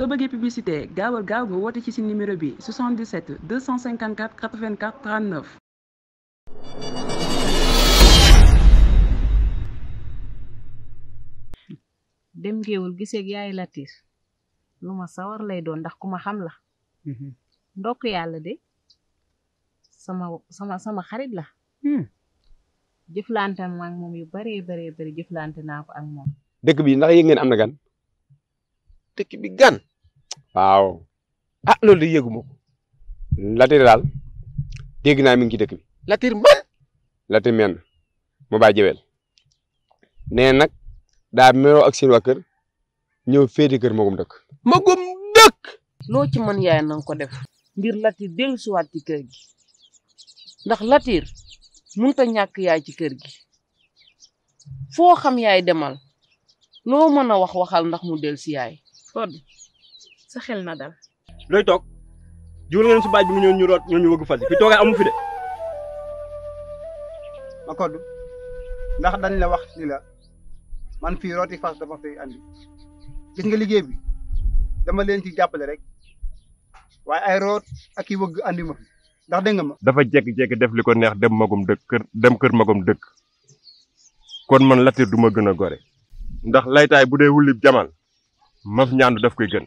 soo bëggee publicité gaawal gaaw nga woote ci si numéro bi 77 254 84 39. dem géewul giseeg yaay Latir lu ma sawar lay doon ndax ku ma xam la. Mhm. ndokk yàlla de sama sama sama xarit la. Hmm. jëflante ma ak moom yu baree baree bari jëflante naa ko ak moom. dëkk bi ndax yéen ngeen am na gan. dëkk bi gan. waaw a ah, loolu de yëgu ma daal dégg naa mi ci dëkk bi. Latir man. Latir men mu bàyyi jëwel nee nag daa meroo ak seen waa kër ñëw féete kër magum dëkk. magum dëkk. loo ci man yaay na ko def. ngir Latir dellusiwaat ci kër gi ndax Latir mënut a ñàkk yaay ci kër gi foo xam yaay demal loo mën a wax waxal ndax mu dellusi yaay. sa xel na dal loy tok jiwul ngeen ci baaj bi mu ñëw ñu root ñoo ñu wëgg fas fi toogaay amu fi de ma ndax dañ la wax ni la man fi roti fas dafa fay andi gis nga liggey bi dama leen ci jappale rek waye ay root ak yi wëgg andi ma fi ndax de nga ma dafa jek jek def liko neex dem magum dekk kër dem kër magum dekk kon man latir duma gëna gore ndax laytay budé wulib jamal maf ñaandu daf koy gën